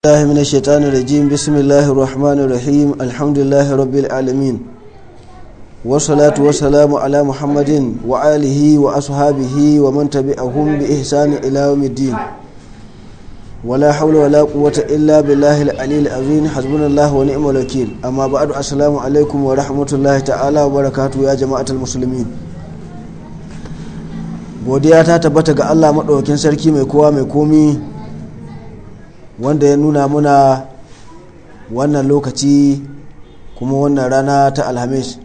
الله من الشيطان الرجيم بسم الله الرحمن الرحيم الحمد لله رب العالمين والصلاة والسلام على محمد وآله وأصحابه ومن تبعهم بإحسان إلى يوم الدين ولا حول ولا قوة إلا بالله العلي العظيم حسبنا الله ونعم الوكيل أما بعد السلام عليكم ورحمة الله تعالى وبركاته يا جماعة المسلمين godiya ta tabbata ga Allah maɗaukin sarki mai kowa mai komi wanda ya nuna muna wannan lokaci kuma wannan rana ta alhamis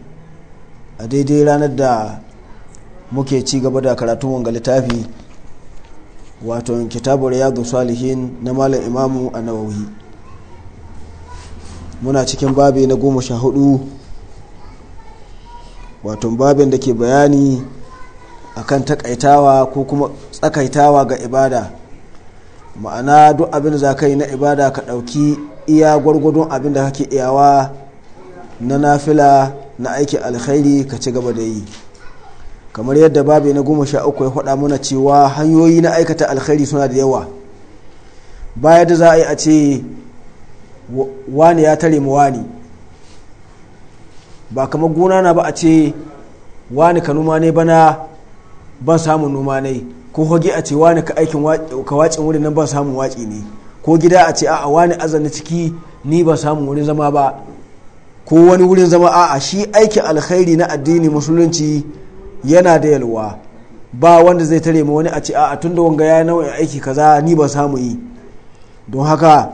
a daidai ranar da muke ci gaba da karatun wanga littafi wato kitabu riyadu salihin na malam imamu a nawawi muna cikin babi na goma sha hudu wato babin da ke bayani akan takaitawa ko kuma tsakaitawa ga ibada ma'ana duk abin da za ka yi na ibada ka ɗauki iya gwargwadon abin da kake iyawa na nafila na aiki alkhairi ka ci gaba da yi kamar yadda babi na goma sha uku ya faɗa mana cewa hanyoyi na aikata alkhairi suna da yawa baya da za a yi a ce wani ya tare mu wani ba kamar gona na ba a ce wani ka numa ne bana ban samun numa ne ko hoge a ce wani ka aikin ka wacin wurin nan ba samun waci ne ko gida a ce a wani azanin ciki ni ba samun wurin zama ba ko wani wurin zama a'a shi aikin alkhairi na addini musulunci yana da yalwa ba wanda zai tare ma wani a ce a'a tunda wanga ya aiki kaza ni ba samu yi don haka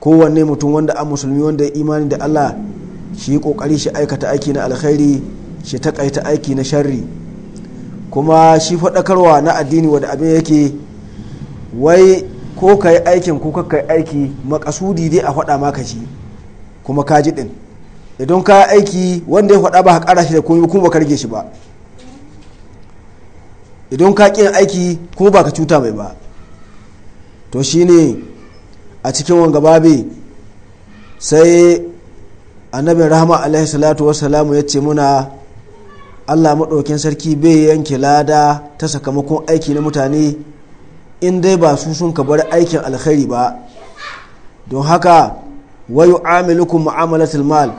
kowanne mutum wanda a musulmi wanda imani da Allah shi kokari shi aikata aiki na alkhairi shi takaita aiki na sharri kuma shi faɗakarwa na addini wadda abin yake wai ko ka yi aikin ko ka yi aiki makasudi dai a faɗa maka shi kuma ka ji ɗin idan ka yi aiki wanda ya faɗa ba ka ƙara shi da komai kuma ka rage shi ba idan ka ƙin aiki kuma ba ka cuta mai ba to shi ne a cikin wanga babe sai annabin rahama alaihi salatu ya ce muna allah maɗaukin sarki bai yanke lada ta sakamakon aiki na mutane in dai ba su sun ka bar aikin alkhairi ba don haka wayu amilukum mu'amalatul mal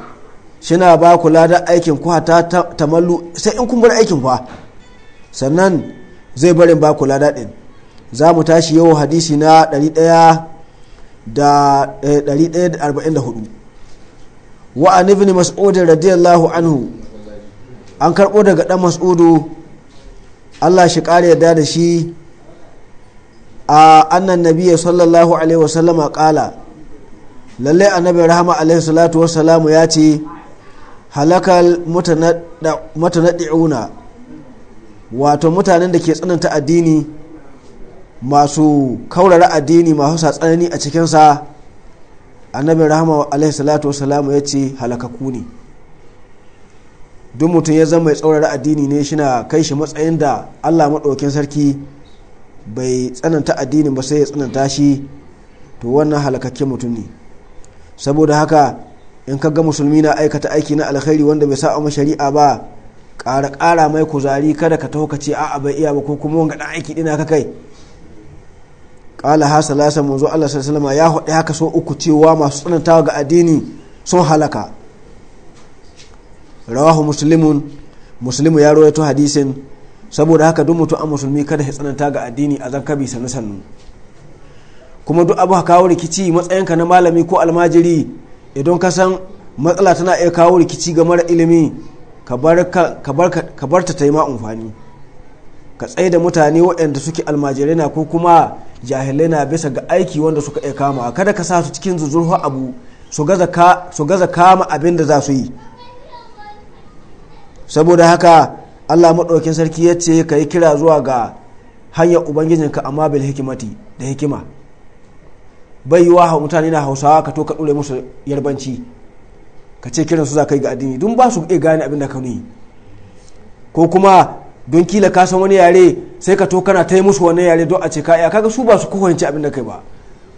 shina ba ku lada aikin kuwa ta tamallu sai in kun bar aikin fa sannan zai barin ba ku lada din za mu tashi yau hadisi na 144 eh, wa an ibn mas'ud radiyallahu anhu an karɓo daga ɗan mas'udu allah shi ƙara yadda da shi a annan nabiya sallallahu alaihi wasallama ƙala lallai annabi rahama alaihi salatu wassalamu ya ce halakal matanadi'una wato mutanen da ke tsananta addini masu kaurara addini masu sa tsanani a cikinsa annabi rahama alaihi salatu wassalamu ya ce halakaku ne duk mutum ya zama mai tsaurara addini ne shi na kai shi matsayin da allah maɗaukin sarki bai tsananta addini ba sai ya tsananta shi to wannan halakakken mutum ne saboda haka in ka ga musulmi na aikata aiki na alkhairi wanda bai sa'a shari'a ba ƙara ƙara mai kuzari kada ka taho ka ce a'a bai iya ba ko kuma wanga ɗan aiki ɗina ka kai ƙala ha salasa zo allah sallallahu ya haɗe haka so uku cewa masu tsanantawa ga addini sun halaka rawahu muslimun muslimu ya rawaito hadisin saboda haka duk mutum a musulmi kada ya tsananta ga addini a zankabi sannu sannu kuma duk abu ka kawo rikici matsayin ka na malami ko almajiri idan ka san matsala tana iya kawo rikici ga mara ilimi ka bar ta yi amfani ka tsaye da mutane waɗanda suke almajirai na ko kuma jahilai na bisa ga aiki wanda suka iya kama kada ka sa su cikin zuzurhu abu su gaza kama abin da za su yi saboda haka allah maɗaukin sarki ya ce ka yi kira zuwa ga hanyar ubangijinka amma bil hikimati da hikima bai yi wa mutane na hausawa ka to ka ɗure musu yarbanci ka ce kiran su za ka yi ga addini don ba su iya gane abin da ka nuyi. ko kuma don kila ka san wani yare sai ka to kana ta yi musu wani yare don a ce ka kaga su ba su kuhanci abin da kai ba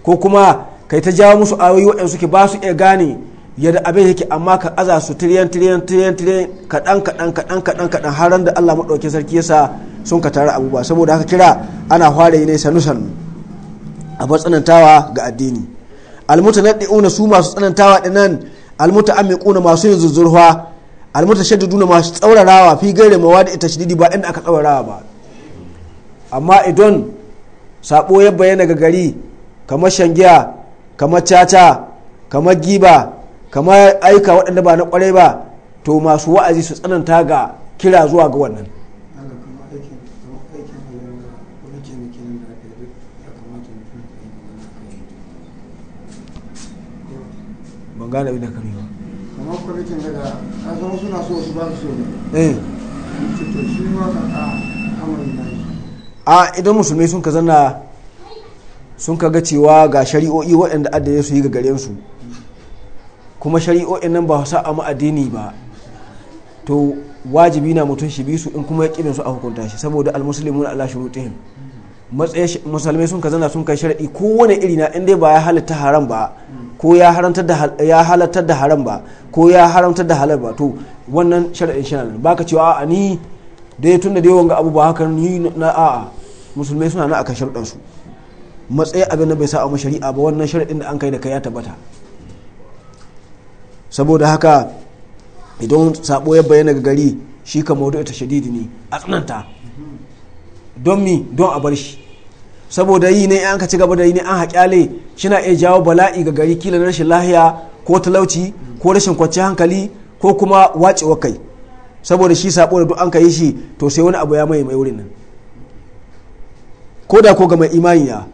ko kuma kai ta jawo musu ayoyi waɗanda suke ba su iya gane yadda abin yake amma ka aza su tiriyan tiriyan tiriyan tiriyan kaɗan kaɗan kaɗan kaɗan kaɗan har da Allah maɗauki sarki ya sa sun ka tara abubuwa saboda haka kira ana fara yi ne sanu sanu a bar tsanantawa ga addini na ɗiuna su masu tsanantawa nan dinan almutaammiquna masu yin zuzzurwa almutashaddiduna masu tsaurarawa fi gaire ita tashdidi ba inda aka tsaurarawa ba amma idan sabo ya bayyana ga gari kamar shangiya kamar caca kamar giba kamar aika waɗanda ba na kwarai ba to masu wa'azi su tsananta ga kira zuwa ga wannan a idan musulmi sun ka zanna sun ka ga cewa ga shari'o'i waɗanda adda su yi ga garensu. su kuma shari'o'in nan ba sa amma addini ba to wajibi na mutum shi bisu in kuma ya kibin su a hukunta shi saboda almuslimuna ala shurutihim musulmai sun kazana sun kai sharadi ko wani iri na inda ba ya halatta haram ba ko ya haramtar da ya halattar da haram ba ko ya haramtar da halal ba to wannan sharadin shi nan baka cewa a ni dai tunda dai wanga abu ba haka ni na a musulmai suna na akan sharuɗan su matsayi abin da bai sa a shari'a ba wannan sharadin da an kai da kai ya tabbata saboda haka idan sabo ya bayyana ga gari shi ka maudu ta shadidi ne a tsananta don mi don a bar shi saboda yi ne an ka ci gaba da yi ne an haƙyale na iya jawo bala'i ga gari kila na rashin lahiya ko talauci ko rashin kwanciyar hankali ko kuma wacewar kai saboda shi sabo da duk an ka yi shi to sai wani abu ya mai mai wurin nan ko da ko ga mai imani ya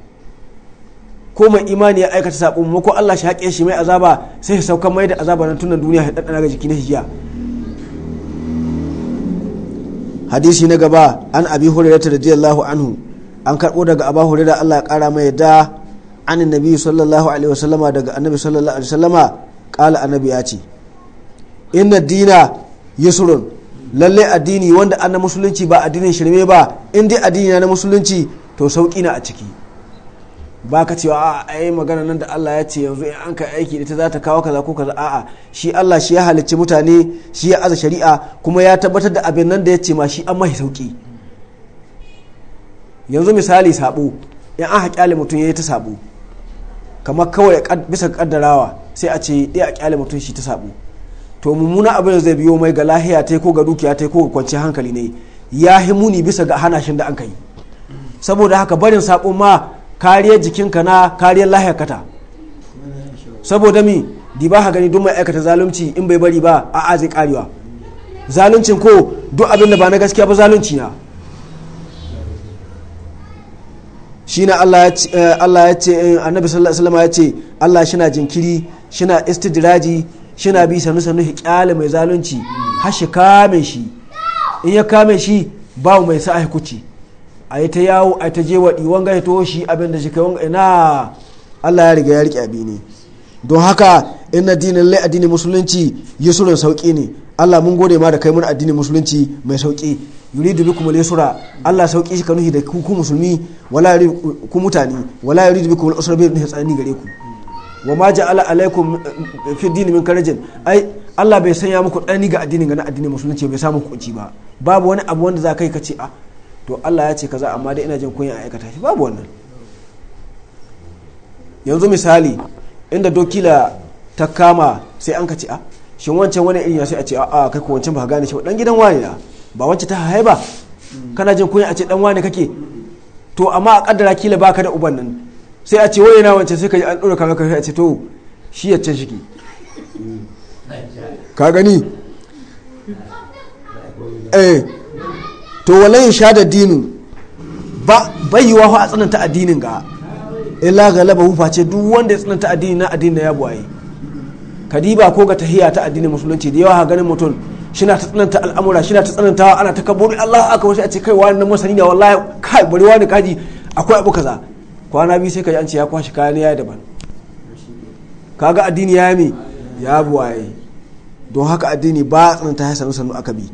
ko mai imani ya aikata sabon mu ko Allah shi haƙe shi mai azaba sai ya sauka mai da azaba nan tunan duniya ya daddana ga jiki na hijiya hadisi na gaba an abi hurairah radiyallahu anhu an karbo daga abu hurairah Allah ya kara mai da an nabi sallallahu alaihi wasallama daga annabi sallallahu alaihi wasallama kala annabi ya ce inna dina yusrun lalle addini wanda an musulunci ba addinin shirme ba in dai addini na musulunci to sauki na a ciki ba ka cewa a ai magana nan da Allah ya ce yanzu in an ka aiki ita za ta kawo kaza ko kaza a'a shi Allah shi ya halicci mutane shi ya aza shari'a kuma ya tabbatar da abin nan da ya ce ma shi an mahi sauki yanzu misali sabo in an haƙyale mutum ya yi ta sabo kamar kawai bisa kaddarawa sai a ce ɗaya eh, a ƙyale mutum shi ta sabo to mummuna abin zai biyo mai ga lahiya ta ko ga dukiya ta ko ga kwanci hankali ne ya himuni bisa ga hana hanashin da an ka yi saboda haka barin sabo ma kariyar jikinka na kariyar lahiyarka saboda mi di ba ka gani duk mai aikata zalunci in bai bari ba a a zai karewa zaluncin ko duk abin da ba na gaskiya ba zalunci na shi na Allah ya ce eh, eh, annabi sallallahu ya ce Allah shina jinkiri istidiraji shi na bi sanu sanu hikyale mai zalunci har shi kame shi in ya kame shi babu mai sa kuci a yi ta yawo a yi ta je waɗi wanga ya toshi abin da shi kai wanga ina Allah ya riga ya riƙe abi ne don haka in addinin lai addinin musulunci yusurin sauƙi ne Allah mun gode ma da kai mun addinin musulunci mai sauƙi da bikum al-yusra Allah sauƙi shi ka nuhi da ku musulmi wala ku mutane wala yuridu bikum al-usra bi tsani gare ku wa ma ja'ala alaikum eh, fi dini min karajin ai Allah bai sanya muku tsani ga addinin ga na addinin musulunci bai samu kuci ba babu wani abu wanda za kai ka ce a ah, to Allah ya ce kaza amma dai ina jin a aikata shi babu wannan yanzu misali inda dokila ta kama sai an ka ce a ah, shi wancan wani irin ya sai a ce a kai ko wancan ba gane shi dan gidan wani na ba wancan ta haihai ba kana jin kunya a ce dan wani kake to amma a kaddara kila baka da uban nan sai a ce wai na wancan sai ka ji an dora kaga kai a ce to shi ya ce shiki ka gani eh to yin sha da dinin ba yi fa a tsananta addinin ga illa galaba hu face duk wanda ya tsananta addini na addini na ya buwaye kadiba ko ga tahiya ta addinin musulunci da yawa ganin mutum shina ta tsananta al'amura shina ta tsanantawa ana ta kaburi Allah aka wasu a ce kai wani masani da wallahi kai bari wani kaji akwai abu kaza kwana biyu sai ka ji an ce ya kwashi kayan ya daban kaga addini ya mi ya buwaye don haka addini ba tsananta ya sanu sanu aka bi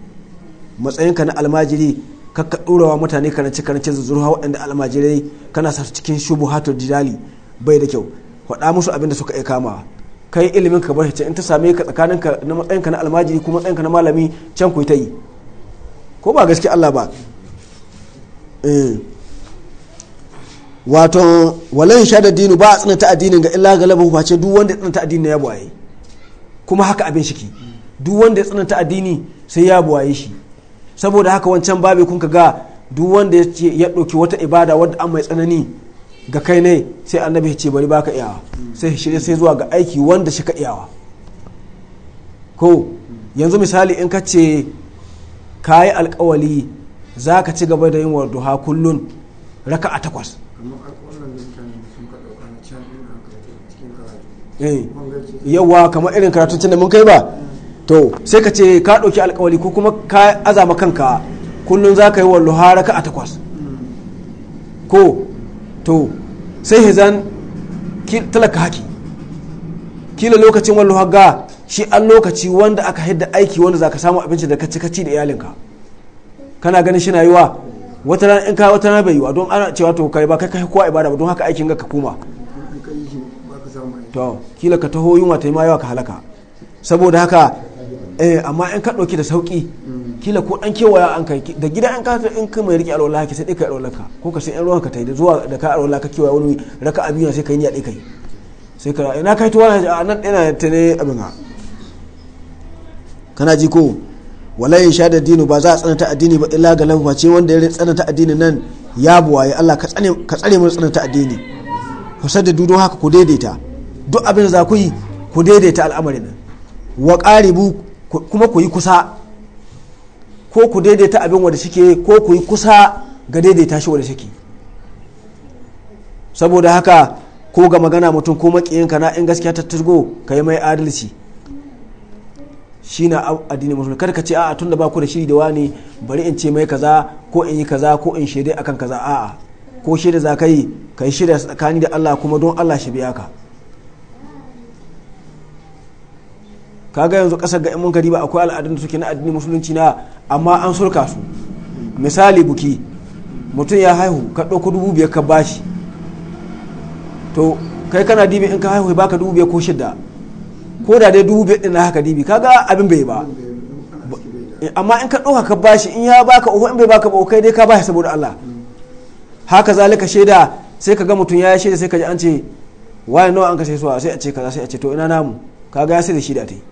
matsayinka na almajiri ka ɗorawa mutane karance karance zuzuruwa waɗanda almajirai kana sa su cikin shubuhatul jidali bai da kyau faɗa musu abin da suka iya kama kai ilimin ka bar in ta same ka tsakaninka na matsayinka na almajiri ko matsayinka na malami can ku ta yi ko ba gaske Allah ba eh. wato walan sha da dinu ba a tsananta addinin ga illa galaba ce duk wanda ya tsananta addini ya buwaye kuma haka abin shiki duk wanda ya tsananta addini sai ya buwaye shi saboda haka wancan babi kun ka ga duk wanda ya ɗauki wata ibada wadda an mai tsanani ga kai ne sai annabi ya ce bari baka iyawa sai shirye sai zuwa ga aiki wanda shi ka iyawa ko yanzu misali in ka ce ka yi alkawali za ka ci gaba da yin ha kullun raka a takwas eh, yawa kamar irin karatun da mun kai ba to sai ka ce ka ɗauki alkawali ko kuma ka azama kanka kullum za ka yi wallo haraka a takwas ko to sai hizan talaka haki kila lokacin wallo haga shi an lokaci wanda aka hidda aiki wanda za ka samu abinci da kaci kaci da iyalinka kana ganin shi na yi wa wata rana in ka wata rana bai yi wa don ana cewa to kai ba kai kai kowa ibada ba don haka aikin ga ka koma to kila ka taho yunwa ta yi ma yawa ka halaka saboda haka Eh, amma in ka ɗauki da sauƙi kila ko ɗan kewaya an kai da gida an kasa in ka mai riƙe alwala ka sai ɗai ka alwala ka ko ka sai ɗan ruwan ka ta da zuwa da ka alwala ka kewaya wani raka abin sai ka yi niyya ɗai yi sai ka ina kai tuwa a nan ɗina ta ne abin ha kana ji ko wala in sha da dinu ba za a tsananta addini ba illa ga lafa ce wanda ya tsananta addini nan ya buwaye Allah ka tsare mun tsananta addini ku sadda dudu haka ku daidaita duk abin da za ku yi ku daidaita al'amarin wa ƙaribu kuma ku yi kusa ko ku daidaita abin wanda shike ko ku yi kusa ga daidaita shi wanda shike saboda haka ko ga magana mutum ko ka na in gaskiya ta turgo ka yi mai adalci shi na addini musulmi kada ka ce a'a da ba ku da shiri da wani bari in ce mai kaza ko in yi kaza ko in shaidai akan kaza a'a ko shaida za ka yi ka yi shaida tsakani da Allah kuma don Allah shi biya ka kaga yanzu kasar ga mun gari ba akwai al'adun da suke na addinin musulunci na amma an sulka su misali buki mutum ya haihu ka ɗauko dubu biyar ka bashi to kai kana dibi in ka haihu baka dubu biyar ko shidda ko da dai dubu biyar din haka dibi kaga abin bai ba amma in ka ɗauka ka bashi in ya baka uku in bai baka ba kai dai ka bashi saboda Allah haka zalika shaida sai ka ga mutum ya shaida sai ka ji an ce waye nawa an ka sai suwa sai a ce kaza sai a ce to ina namu kaga ya sai da shida ta yi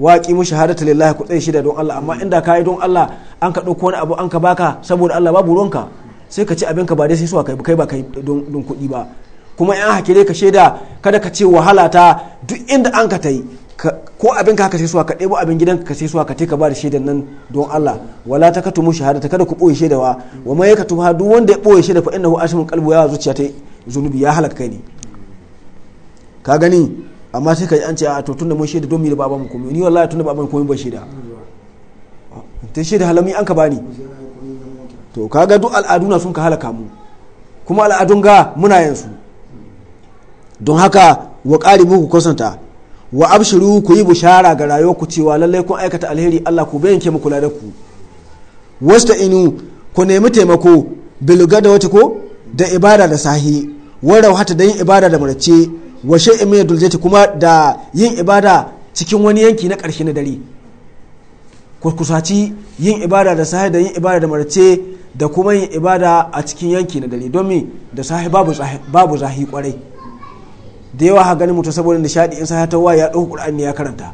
waƙi mu shahadatu lillahi kudai shida don Allah amma mm. inda kai don Allah an ka dauko wani abu an ka baka saboda Allah babu ruwanka sai ka ci abin ka ba dai sai suwa kai kai ba kai don kuɗi ba kuma yan hakire ka shaida kada ka ce wahala ta duk inda an ka tai ko abin ka sai suwa ka ɗebo abin gidan ka sai suwa ka ka ba da shaidan nan don Allah wala ta katumu shahadata kada ku ɓoye shaidawa wa mai ka katuha duk wanda ya ɓoye shaida fa innahu ashimun qalbu ya zuciya tai zunubi ya halaka kai ne ka gani amma sai ka yi an ce a to da mun shaida don mi da ba mu ni wallahi tun da mu komai ba shaida ta shaida halami an ka bani to kaga duk al'adu na sun ka halaka mu kuma al'adun ga muna yansu don haka wa ƙari ku kusanta wa abshiru ku yi bushara ga rayuwar ku cewa lallai kun aikata alheri Allah ku bayyana mu kula da ku wasta inu ku nemi taimako bilga da wata ko da ibada da sahi warau hata da yin ibada da marace wa shay'in min duljati kuma da yin ibada cikin wani yanki na karshe na dare kurkusaci yin ibada da sahi da yin ibada da marce da kuma yin ibada a cikin yanki na dare domin da sahi babu zahi kwarai da yawa ha ganin mutum saboda nishadi in sahi tawa ya ɗauki ƙur'ani ya karanta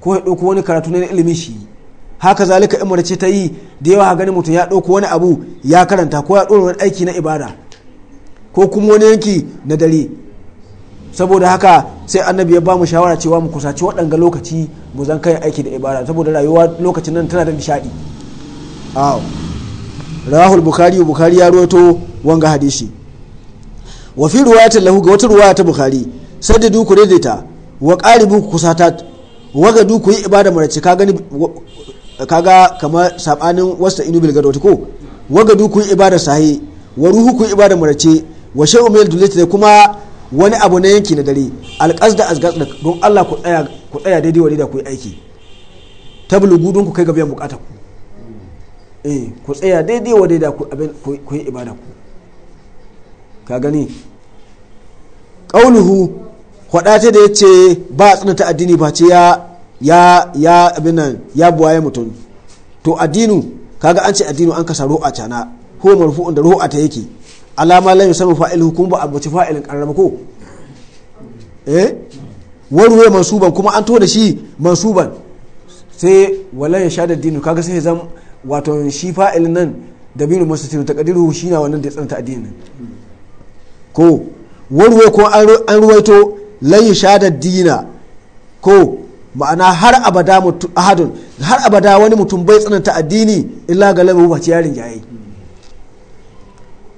ko ya ɗauki wani karatu na ilimin shi haka zalika in marce ta yi da yawa ha ganin mutum ya ɗauki wani abu ya karanta ko ya ɗora wani aiki na ibada ko kuma wani yanki na dare saboda haka sai annabi ya ba mu shawara cewa mu kusaci waɗanga lokaci mu zan kai aiki da ibada saboda rayuwa lokacin nan tana da nishaɗi rahul bukari bukari ya ruwato wanga hadishi wa fi ruwayatin lahu ga wata ruwaya ta bukari saddadu ku daidaita wa qaribu ku kusata waga du duku yi ibada marace ka gani kaga kamar sabanin wasta inu bil gadot ko waga duku yi ibada sahi wa ruhu ku yi ibada marace wa shay'u min dulati kuma wani abu na yanki na dare alƙas da asgas da don Allah ku tsaya ku tsaya daidai wani da ku yi aiki tablugu don ku kai ga biyan bukata ku eh ku tsaya daidai wani da ku abin ku yi ibada ku ka gani qauluhu hwadata da yace ba tsananta addini ba ce ya ya ya abin nan ya buwaye mutum to addinu kaga an ce addinu an kasa ro'a cana ko marfu'un da ro'a ta yake alama lam yusamma fa'il hukum ba abuci fa'ilin karrama ko eh warwe mansuban kuma an to da shi mansuban sai wala ya sha da dinu kaga sai zan wato shi fa'ilin nan da binu mustatir taqdiruhu shi na wannan da ya tsanta addinin ko warwe ko an ruwaito layin sha da dina ko ma'ana har abada ahadun har abada wani mutum bai tsananta addini illa galabu ba ci yarin yayi.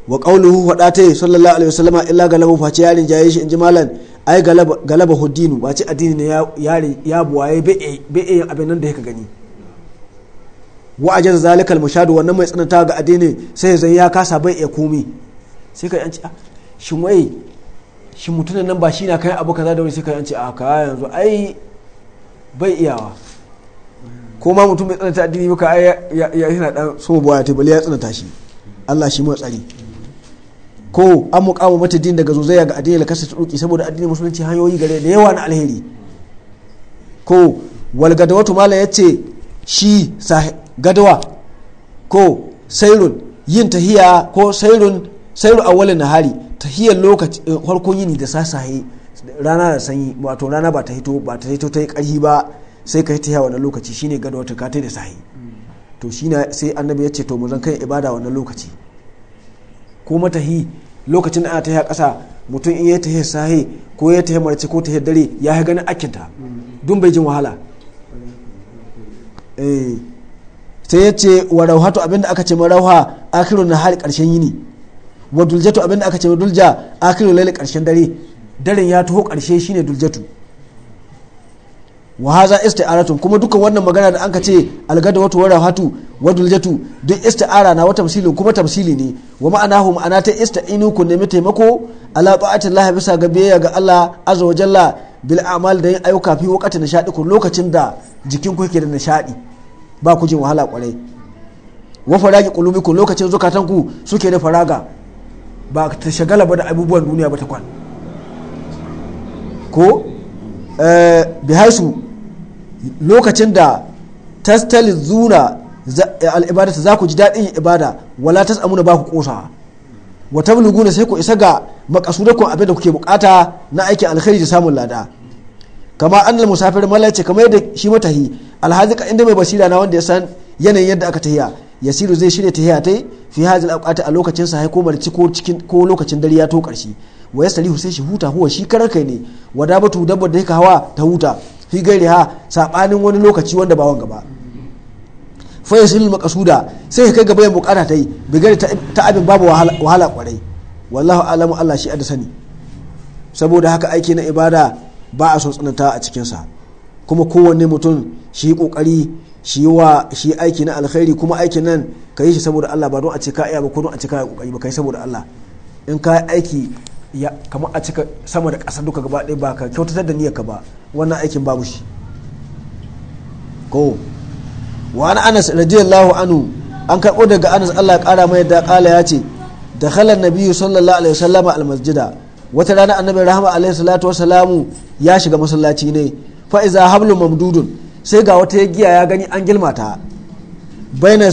wa qawluhu fada ta sallallahu alaihi wasallama illa galaba face yarin jaye shi inji malan ai galaba galaba hudinu ba ce addini ne ya ya buwaye bai abin nan da yake gani wa ajaz zalikal mushadu wannan mai tsananta ga addini sai zan ya kasa bai iya komi sai ka yanci ah, shin wai shi mutunan nan ba shi na kai abu kaza da wani sai ka yanci a ah, ka yanzu ai bai iyawa ko ma mutum mai tsananta addini ba ka ai yana dan so buwaye ta bali ya tsananta shi Allah shi mai tsari ko an muƙamu mata din daga zozaya ga addinin lakasa ta duki saboda addinin musulunci hanyoyi gare da yawa na alheri ko walgada wato mala ya ce shi gadawa ko sairun yin tahiya ko sairun sairun awalin nahari tahiyar lokaci eh, farkon yini da sasaye rana da sanyi wato rana ba ta hito ba ta hito ta yi ƙarfi ba sai ka yi tahiya wannan lokaci shine gada wata kata da sahi to shine sai annabi ya ce to mu zan kai ibada wannan lokaci ko matahi lokacin da ana a ƙasa mutum in ya tafi sahi ko ya tafi marci ko tafi dare ya yi ganin akinta dun bai jin wahala eh, sai ya ce wa to abinda aka ce marauha akiru na hali karshen yini wa duljatu abinda aka ce wa dulja akiru lalle karshen dare daren ya taho karshe ne duljatu wa haza isti'aratun kuma duka wannan magana da anka ce algada watu wara hatu wadul jatu duk isti'ara na wa tamsilin kuma tamsili ne wa ma'anahu ma'ana ta ista'inu ku nemi taimako ala ta'atillah bisa ga biyayya ga Allah azza wa jalla bil a'mal da yin ayyuka fi waqti kun lokacin da jikin ku yake da nishadi ba ku jin wahala kwarai wa faragi qulubikum lokacin zukatan ku suke da faraga ba ta shagala ba da abubuwan duniya ba ta kwan ko eh, bihaisu lokacin da tastalin zuna al'ibadata za ku ji daɗin ibada wala tas amuna ba ku ƙosa wa na sai ku isa ga makasudakon abin da kuke bukata na aikin alkhairi da samun lada kama da musafir malace kamar yadda shi matahi alhazika inda mai basira na wanda ya san yanayin yadda aka tahiya yasiru zai shirya tahiya ta fi da awqati a lokacin sa ko marci ko cikin ko lokacin dare ya to karshe wa yasalihu sai shi huta huwa shi karar kai ne batu dabbar da yake hawa ta huta fi ha sabanin wani lokaci wanda ba wanga ba fa yasil maqsuda sai kai gaba ya bukata ta yi bigar ta abin babu wahala kwarai wallahu alamu Allah shi da sani saboda haka aiki na ibada ba a son tsananta a cikin sa kuma kowanne mutum shi yi kokari shi wa shi aiki na alkhairi kuma aikin nan ka yi shi saboda Allah ba don a ce ka iya ba ko don a ce ka yi kokari ba kai saboda Allah in ka aiki kamar a cika sama da ƙasa duka gaba ɗaya ba ka kyautatar da ka ba wannan aikin babu shi ko wa anas radiyallahu anhu an karɓo daga anas allah ƙara mai da ƙala ya ce da halar nabi sallallahu alaihi wasallama almasjida wata rana annabi rahma alaihi salatu wasalamu ya shiga masallaci ne fa iza hablu mamdudun sai ga wata giya ya gani an gilmata bayna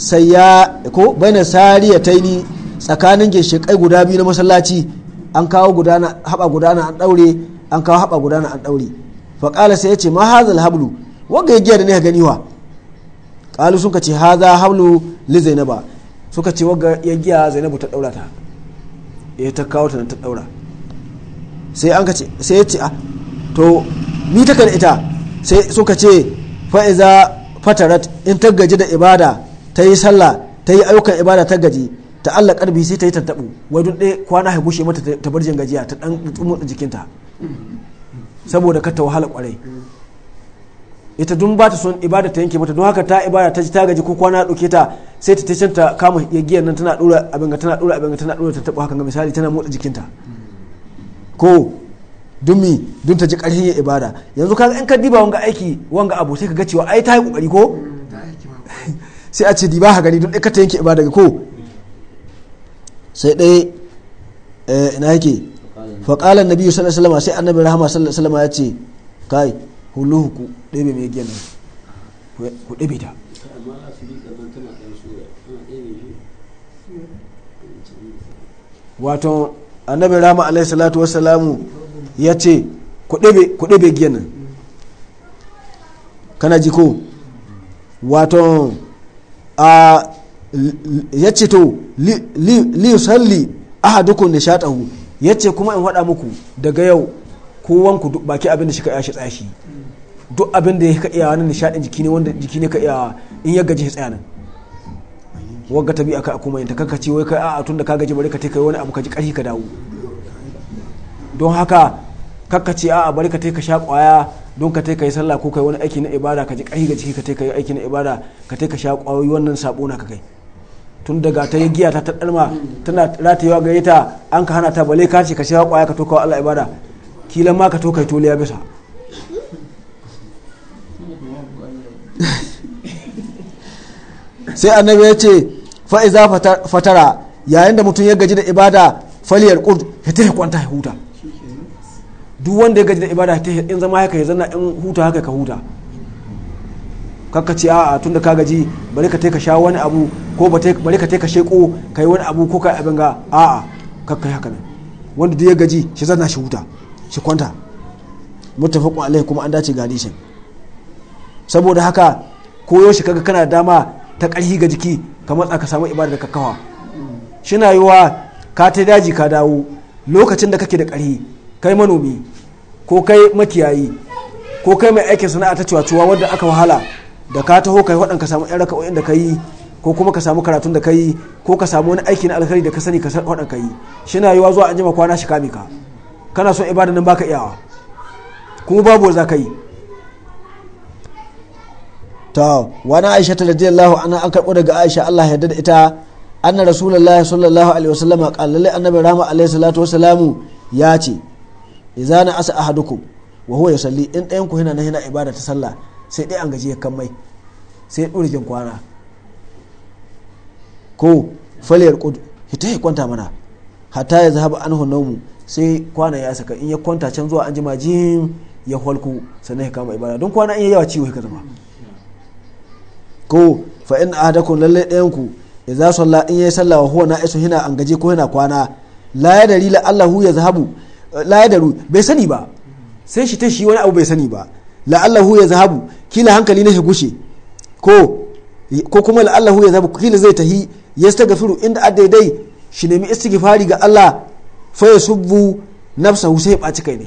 sayya ko bayna sariya taini tsakanin ginshiƙai guda biyu na masallaci an kawo gudana haɓa gudana an ɗaure an kawo haɓa gudana an ɗaure faƙala sai ya ce ma haza alhablu wanga ya giya da ne gani wa ƙalu suka ce haza hablu li zainaba suka ce wanga ya giya zainabu ta ɗaura ta ya eh, ta kawo ta ta ɗaura sai an ce sai ya ce a ah, to ni ta kan ita sai suka ce fa'iza fatarat in ta gaji da ibada ta yi sallah ta yi ayyukan ibada ta gaji ta allah karbi sai ta yi tantabu wai duk ɗaya kwana bushe mata ta barjin gajiya ta ɗan tsumutsa jikinta saboda ka wahala kwarai ita dun ba ta son ibada ta yanke mata don haka ta ibada ta ji ta gaji ko kwana ɗauke ta sai ta tashin ta kama yagiyar nan tana ɗora abin ga tana ɗora abin ga tana ɗora ta taɓa haka ga misali tana motsa jikinta ko dumi dun ta ji ƙarfin yin ibada yanzu kaga in ka diba wanga aiki wanga abu sai ka ga cewa ai ta yi kokari ko sai a ce diba ha gani don ka ta yanke ibada ko sai dai eh, ina yake faƙala na biyu sallallahu alaihi wasallam sai annabi rahama sallallahu alaihi wasallam ya ce kai huluhu ku ɗebe mai gina ku ɗebe ta wato annabi rahama alaihi salatu wasalamu ya ce ku ɗebe gina nan kana jiko wato a ya ce to li salli ahadukun nishaɗahu ya ce kuma in haɗa muku daga yau kowanku baki abin da shi ka iya shi tsashi duk abin da ya ka iya wani nishaɗin jiki ne wanda jiki ne ka iya in ya gaji tsaya nan wagga ta bi a kuma yin ta kanka ce wai ka a tun da ka gaji bari ka kai wani abu ka ji ƙarfi ka dawo don haka kakka ce a bari ka ka sha ƙwaya don ka yi sallah ko kai wani aiki na ibada ka ji ƙarfi ga jiki ka yi aiki na ibada ka ka sha ƙwayoyi wannan sabo na ka kai tun daga ta yi giya ta taɗarma tana yawa gare ta an ka hana ta bale ka ce ka sha kwaya ka toka Allah ibada kila ma ka toka tole ya bisa sai annabi ya ce fa'iza fatara yayin da mutum ya gaji da ibada faliyar kurd ya ta kwanta ya huta duk wanda ya gaji da ibada ta in zama haka ya zanna in huta haka ka huta kakka a a'a tun da ka gaji bari ka ta ka sha wani abu ko bari ka ka sheko ka yi wani abu ko ka abin ga a'a kakkai haka nan wanda duk ya gaji shi zana shi huta shi kwanta muttafaqu alaihi kuma an dace ga hadisin saboda haka koyo shi kaga kana dama ta karhi ga jiki ka matsa ka samu ibada da kakkawa shina yiwa ka ta daji ka dawo lokacin da kake da karhi kai manomi ko kai makiyayi ko kai mai aikin sana'a ta cewa cuwa wadda aka wahala da ka taho kai waɗanka samu yan raka'o'in da ka yi ko kuma ka samu karatun da kai ko ka samu wani aiki na alkhairi da ka sani ka san wadan kai shi na yiwa zuwa anjima kwana shi kame ka kana son ibada nan baka iyawa kuma babu za ka yi to wani aisha ta radiyallahu anha an karbo daga aisha Allah ya da ita anna rasulullahi sallallahu alaihi wasallam qallale annabi rama alaihi salatu wasalamu ya ce idza na asa ahadukum wa huwa yusalli in ɗayan ku yana nan yana ibada ta sallah sai dai an gaji ya kan mai sai ya jin kwana ko faliyar kudu hita ya kwanta mana hata ya zahaba an mu sai kwana ya saka in ya kwanta can zuwa an jima jin ya halku sannan ya kama ibada don kwana in ya yawa ciwo ya zama ko fa in ahadakum lalle ɗayan ku idza salla in yayi sallah wa huwa na'isu hina an gaje ko hina kwana la yadari la allahu ya zahabu la yadaru bai sani ba sai shi ta shi wani abu bai sani ba la allahu ya zahabu kila hankali na shi gushe ko ko kuma la allahu ya zahabu kila zai tahi furu inda addaidai shi nemi istighfari ga Allah fa yasubbu nafsahu sai ɓaci kai ne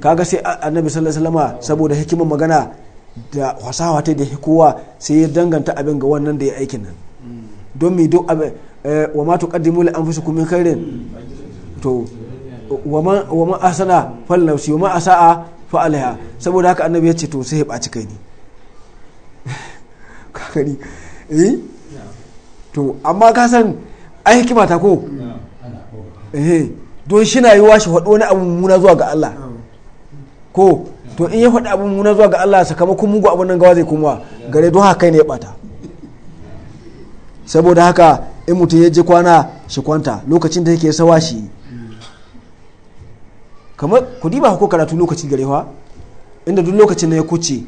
kaga sai annabi sallallahu alaihi wasallama saboda hikimar magana da fasaha ta da kowa sai ya danganta abin ga wannan da ya aikin nan don me duk abin eh, wa ma tuqaddimu li anfusikum min khairin to wa ma asana fal nafsi wa ma asaa fa alaiha saboda haka annabi ya ce to sai ya ɓaci kai ne kakari eh to amma ka san ai hikima ta ko eh don shi na yi washe faɗo wani abu muna zuwa ga Allah ko to in ya faɗi abu muna zuwa ga Allah sakamakon mugu abun nan gawa zai kuma gare don haka ne ya bata saboda haka in mutum ya je kwana shi kwanta lokacin da yake sawa shi kamar ku diba ko karatu lokaci gare inda duk lokacin da ya kuce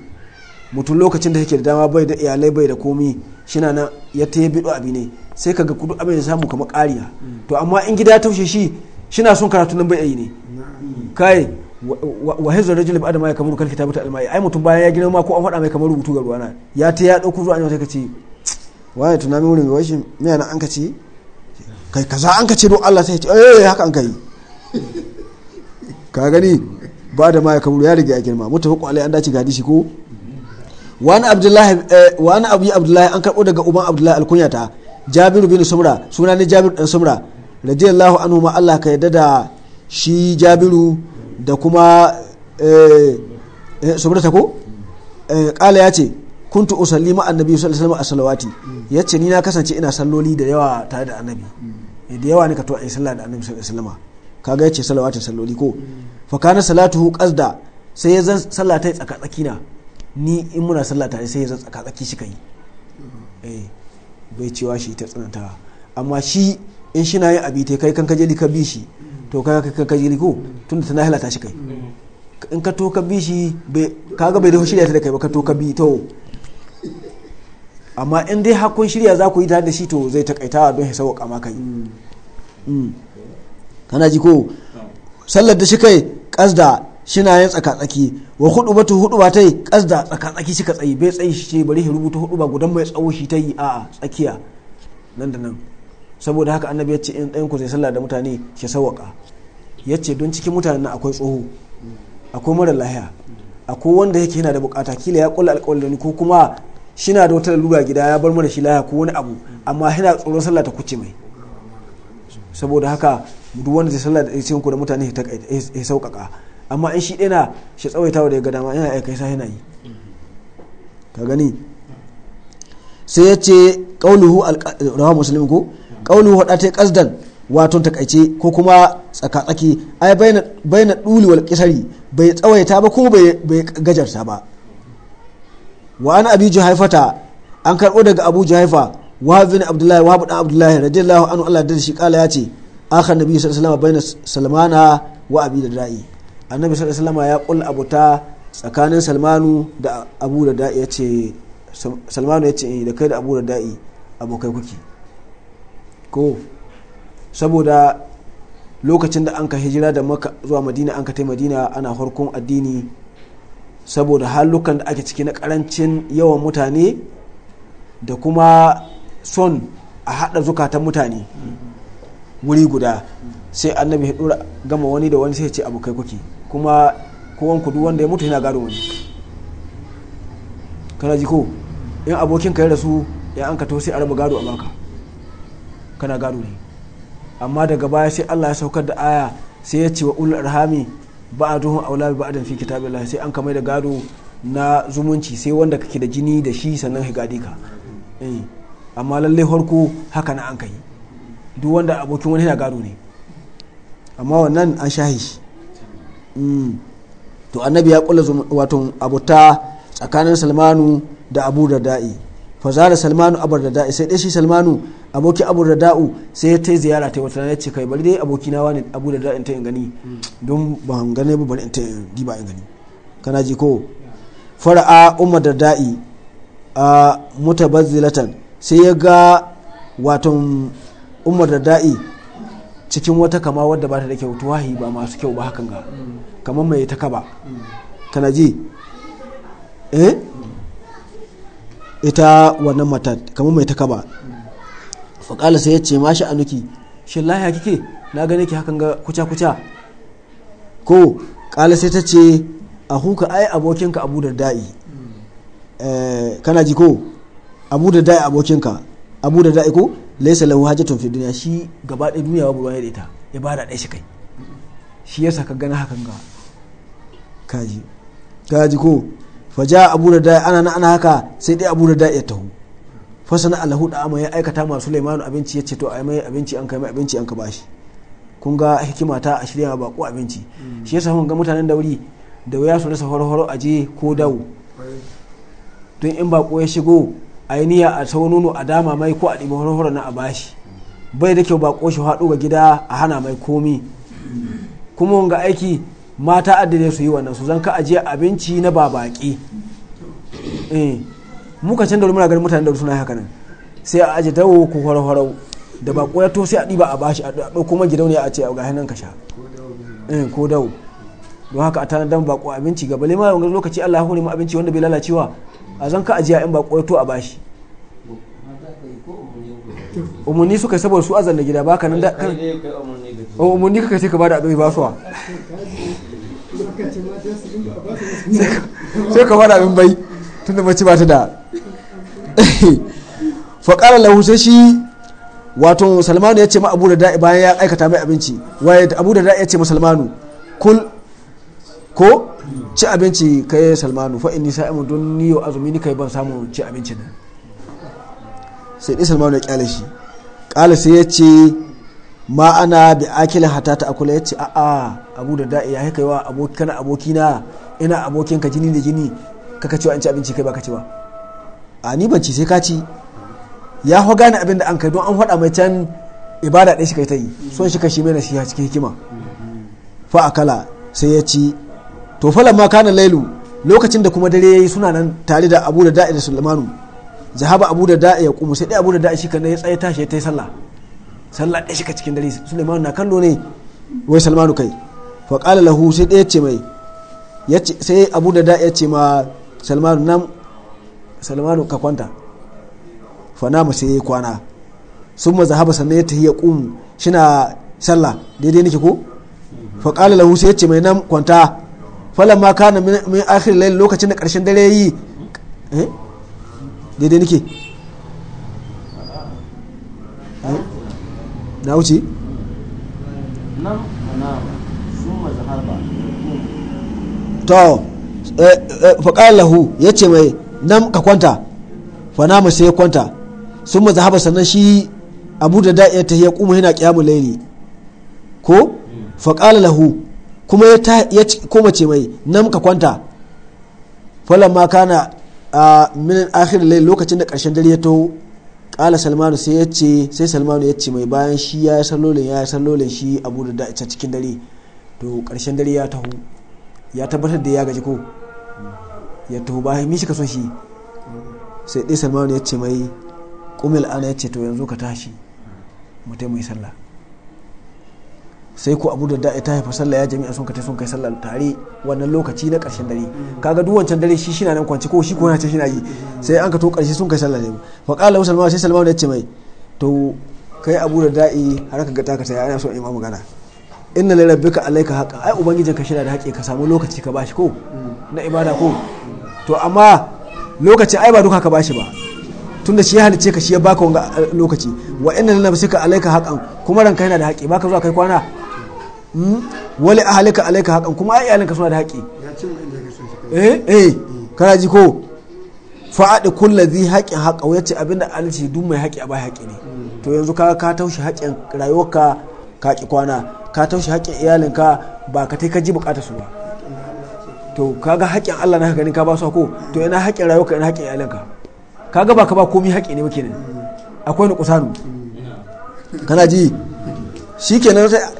mutum lokacin da yake da dama bai da iyalai bai da komi shina na ya ta yi abi ne sai kaga kudu abin da samu kamar ƙariya to amma in gida taushe shi shina son karatu nan bai yi ne kai wa hizar rajul bi adama ya kamar kal kitabata almai ai mutum bayan ya gina ma ko an faɗa mai kamar rubutu ga ruwana ya ta ya dauko zuwa ne sai ka ce wani tunanin wurin wai shi me yana an ka ce kai kaza an ka ce don Allah sai ya ce eh haka an kai ka gani ba da ma ya kamar ya riga ya girma ko alai an dace ga hadisi ko wani abdullahi eh, wani abu abdullahi an karbo daga uban abdullahi alkunyata jabiru bin sumra suna ne jabiru dan sumra radiyallahu anhu ma Allah ka yadda da shi jabiru da kuma eh, eh, sumra ta ko kala ya ce kuntu usalli ma annabi sallallahu alaihi wasallam as-salawati yace ni na kasance ina salloli da yawa tare da annabi da yawa ne ka to ayi sallah da annabi sallallahu alaihi wasallam kaga yace salawatin salloli ko fa kana salatuhu qasda sai ya zan sallah ta tsaka tsakina ni in muna sallah tare sai ya tsaka tsaki shi kai eh bai cewa shi ta tsananta amma shi in shi na yin abi ta kai kan kajeli ka bi shi to kai kan jeli ko tunda tana halata shi kai in ka to ka bi shi kaga bai da shirya ta da kai ba ka to ka bi to amma in dai hakun shirya za ku yi tare da shi to zai takaitawa don ya sauka ma kai mm. kana ji ko sallar da shi kai kasda shina yin tsaki wa hudu batu hudu ba ta yi kasda tsaki shi ka tsayi bai tsayi shi ce bari shi rubuta hudu ba gudan mai tsawo shi ta yi a tsakiya nan da nan saboda haka annabi ya ce in ɗayan ku zai sallah da mutane shi sawaka ya ce don cikin mutanen akwai tsoho akwai mara lahiya akwai wanda yake yana da bukata kila ya kula alƙawari ko kuma shina da wata lura gida ya bar mara shi lahiya ko wani abu amma yana tsoron sallah ta kuce mai saboda haka duk wanda zai sallah da cikin ku da mutane ya sauƙaƙa amma in shi ɗina shi tsawaitawa da ya ga dama yana aikai sa yana yi ka gani sai ya ce ƙauluhu rawa musulmi ko ƙaunuhu haɗa ta ƙasdan wato takaice ko kuma tsakatsaki ai bai na ɗuli wal ƙisari bai tsawaita ba ko bai gajarta ba wa ana abi juhaifata an karɓo daga abu juhaifa wa bin abdullahi wa bin abdullahi radiyallahu anhu Allah da shi kala ya ce akhar nabi sallallahu alaihi wasallam baina salmana wa abi da da'i annabi sallallahu alaihi ya kul abuta tsakanin salmanu da abu da da'i ya salmanu ya eh, da kai da abu da da'i abokai kuke ko saboda lokacin da an ka hijira da maka zuwa madina an ka tai madina ana farkon addini saboda halukan da ake ciki na karancin yawan mutane da kuma son a haɗa zukatan mutane wuri guda sai annabi ya gama wani da wani sai ce abokai kuke kuma kowan kudu wanda ya mutu yana gado wani kana jiko in abokin ka ya rasu ya an ka sai a raba gado a baka kana gado ne amma daga baya sai Allah ya saukar da aya sai ya ce wa ulul arhami duhun aula bi ba'din fi Allah sai an ka mai da gado na zumunci sai wanda kake da jini da shi sannan ka gadi ka eh. amma lalle harko haka na an kai duk wanda abokin wani yana gado ne amma wannan an shahi shi Mm. to annabi ya kula wato abuta tsakanin salmanu da abu da da'i fazara salmanu abu da da'i sai dai shi salmanu aboki abu da da'u sai ya tai ziyara ta wata ya ce kai bari dai aboki na wani abu da da'in ta yin gani mm. don ba gane ba bari ta ta ba yin gani kana ji ko fara'a umar da da'i a mutabazzilatan sai ya ga wato umar da da'i cikin wata kama wadda ba ta da kyau tuwahi ba masu kyau ba hakan ga kamar mai ta kaba kana ji eh ita wannan mata kamar mai ta kaba faƙala sai ya ce ma shi anuki shi lahiya kike na gani ki hakan ga kuca kuca ko ƙala sai ta ce a huka ai abokinka abu da da'i eh, kana ji ko abu da da'i abokinka abu da da'iko laisa lahu hajatun fi duniya shi gaba ɗaya duniya babu ruwa da ita ibada ɗaya shi kai shi yasa ka gana hakan ga kaji kaji ko faja abu da da'i ana ana haka sai dai abu da da'i ya taho fasana alahu da amma ya aikata ma Sulaimanu abinci ya ce to ai mai abinci an kai mai abinci an ka bashi kun ga hikima ta a shirya ba ko abinci mm. shi yasa kun ga mutanen dauri da wuya su rasa horo-horo aje ko dawo don in bako ya shigo ainiya a sau nono a dama mai ko a ɗiba horo na a bashi bai da kyau ba koshi haɗu ga gida a hana mai komi kuma wanga aiki mata addade su yi wannan su zan ka ajiye abinci na ba baƙi eh, muka can da muna ganin mutane da suna haka nan sai a aje dawo ko horo da ba ya to sai a ɗiba a bashi a ɗauko man gidauniya a ce a gahin nan ka sha eh, ko dawo don haka a ba bako abinci gaba lema wanga lokaci Allah ya hore abinci wanda bai lalacewa a zan ka ajiya in ba kwaito a bashi umarni suka saboda su azan da gida ba ka nan da kan oh, umarni kaka ce ka bada abin ba suwa sai ka bada abin bai tunda mace ba ta da faƙara lahu sai shi wato salmanu ya ce ma abu da da'i bayan ya aikata mai abinci waye abu da da'i ya ce ma salmanu kul ko ci abinci ka yi salmanu fa inni sa'imu don ni yau azumi ni kai ban samu ci abinci nan sai ɗi salmanu ya ƙyale shi kala sai ya ce ma ana bi akila hata ta akula ya ce a'a abu da da'i ya kai wa aboki kana aboki na ina abokin ka jini da jini ka ka cewa an ci abinci kai ba ka ci a ni ban ci sai ka ci ya fa gane abin da an kai don an faɗa mai can ibada ɗaya shi kai ta yi son shi shi mai nasiha cikin hikima fa akala sai ya ci to falan ma kana lailu lokacin da kuma dare yayi suna nan tare da abu da da'i da sulmanu zahaba abu da da'i ya kuma sai dai abu da da'i shi kana ya tsaye tashi ya tai sallah sallah ɗaya shi ka cikin dare sulmanu na kallo ne wai salmanu kai fa qala lahu sai ɗaya ce mai sai abu da da'i ya ce ma salmanu nan salmanu ka kwanta fa na sai ya kwana sun ma zahaba sannan ya tahi ya shi shina sallah daidai nake ko fa qala lahu sai ya ce mai nan kwanta falan ma kana min akhir layl lokacin da karshen dare yi eh daidai nake eh, na wuce to eh, eh, faƙalahu ya ce mai nan ka kwanta fanama sai ya kwanta sun mazahaba sannan shi abu da da'iya ta ya kuma yana ƙyamu laili ko faƙalahu kuma ya koma ce mai nan ka kwanta falon ma kana a minin akhirin lai lokacin da karshen dare ya taho kala salmanu sai ya ce sai salmanu ya ce mai bayan shi ya yi sallolin ya yi sallolin shi abu da ita cikin dare to karshen dare ya taho ya tabbatar da ya gaji ko ya taho bayan mishi ka son shi sai dai salmanu ya ce mai kumil ana ya ce to yanzu ka tashi mutai mai sallah sai ko abu da da'i ta haifa sallah ya jami'a sun kai sun kai sallah tare wannan lokaci na karshen dare kaga duk wancan dare shi shina nan kwanci ko shi ko yana ce shina yi sai an ka to karshe sun kai sallah ne fa qala musulman sai salman ya ce mai to kai abu da da'i har ka ga taka sai ana so imamu gana inna li rabbika alayka haqa ai ubangijinka shina da haƙe ka samu lokaci ka bashi ko na ibada ko to amma lokaci ai ba duka ka bashi ba tunda shi ya halice ka shi ya baka wanga eh, lokaci wa inna lana bisika alayka haqqan kuma ranka yana da haƙe baka zuwa kai kwana Hmm? a halika alaika haƙan kuma ai iyalinka suna da haƙi eh eh kana ji ko fa'adi kulla zai haƙin haƙa wuya ce abinda ce duk mai haƙi a bai haƙi ne to yanzu ka ka taushe haƙin rayuwarka ka ki kwana ka taushe haƙin iyalinka ba ka tai ka ji bukata su ba to kaga haƙin Allah na gani ka ba su ko to ina haƙin rayuwarka ina haƙin iyalinka kaga ba ka ba komai haƙi ne muke ne akwai ni kusanu hmm. kana ji shikenan sai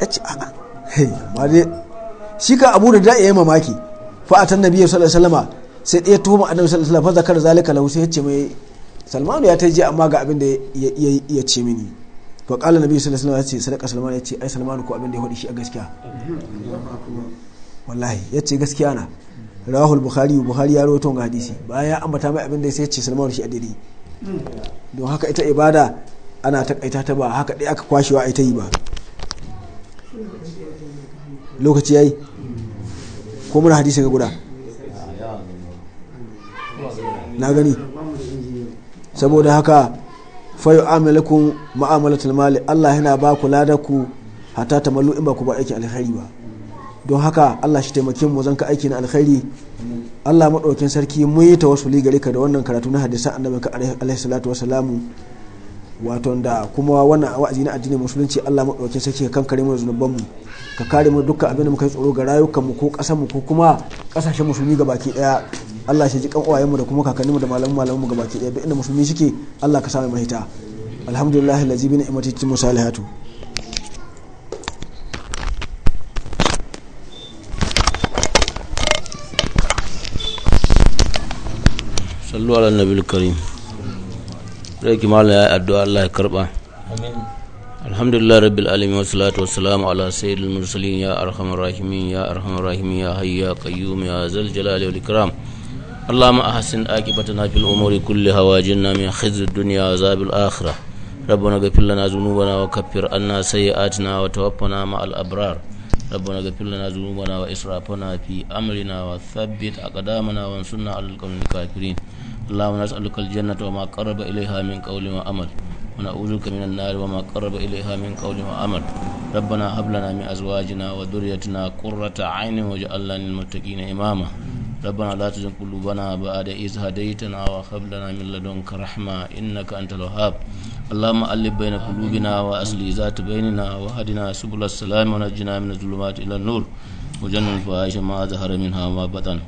shi ka abu da da ya yi mamaki fa atan nabi sallallahu alaihi wasallam sai ɗaya tuhuma annabi sallallahu alaihi wasallam fa zakar zalika lahu sai ya ce mai salmanu ya ta je amma ga abin da ya ce mini fa qala nabi sallallahu alaihi wasallam ya ce sadaka salmanu ya ce ai salmanu ko abin da ya faɗi shi a gaskiya wallahi ya ce gaskiya na rahul bukhari bukhari ya rawaito ga hadisi bayan ya ambata mai abin da sai ya ce salmanu shi a daidai don haka ita ibada ana takaita ta ba haka dai aka kwashewa ita yi ba lokaci ya yi ko muna hadisi ga guda na gani saboda haka fayo amilakun ma'amalatul mali Allah yana ba ku ladar ku hata ta mallu in ba ku ba aikin alkhairi ba don haka Allah shi taimakin mu ka aiki na alkhairi Allah maɗaukin sarki mun yi wasu gare ka da wannan karatu na hadisan annabinka alaihi salatu wasalamu wato da kuma wannan wa'azi na addinin musulunci Allah maɗauki sai ka kankare mu zunuban mu ka kare mu dukkan abin da muka tsoro ga rayukan mu ko kasar mu ko kuma kasashen musulmi ga baki daya Allah shi ji kan uwayen mu da kuma kakanninmu mu da malaman malaman mu baki daya duk inda musulmi ke Allah ka samu mahita alhamdulillah allazi bi ni'mati tumu salihatu صلوا على النبي الكريم ki malaya addu'a Allah ya karba alhamdulillah rabbil alamin wa wa salam ala sayyidil mursalin ya arhamar rahimin ya arhamar rahimin ya hayy ya qayyum ya zal jalal wal ikram allahumma ahsin aqibatana fil umuri kulli hawajinna min khizr dunya wa zabil akhirah ربنا اغفر لنا ذنوبنا وكفر عنا سيئاتنا وتوفنا مع الابرار ربنا اغفر لنا ذنوبنا واسرافنا في امرنا وثبت اقدامنا وانصرنا على القوم الكافرين اللهم نسألك الجنة وما قرب إليها من قول وعمل ونعوذ بك من النار وما قرب إليها من قول وعمل ربنا هب لنا من أزواجنا وذريتنا قرة عين واجعلنا للمتقين إماما ربنا لا تزغ قلوبنا بعد إذ هديتنا وهب لنا من لدنك رحمة إنك أنت الوهاب اللهم ألف بين قلوبنا وأصلح ذات بيننا وهدنا سبل السلام ونجنا من الظلمات إلى النور وجنة الفواحش ما ظهر منها وما بطن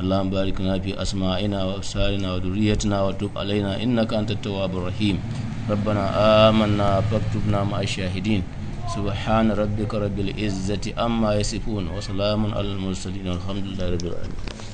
اللهم بارك لنا في أسماعنا وأبصارنا وذريتنا وتب علينا إنك أنت التواب الرحيم ربنا آمنا فاكتبنا مع الشاهدين سبحان ربك رب العزة أما يصفون وسلام على المرسلين والحمد لله رب العالمين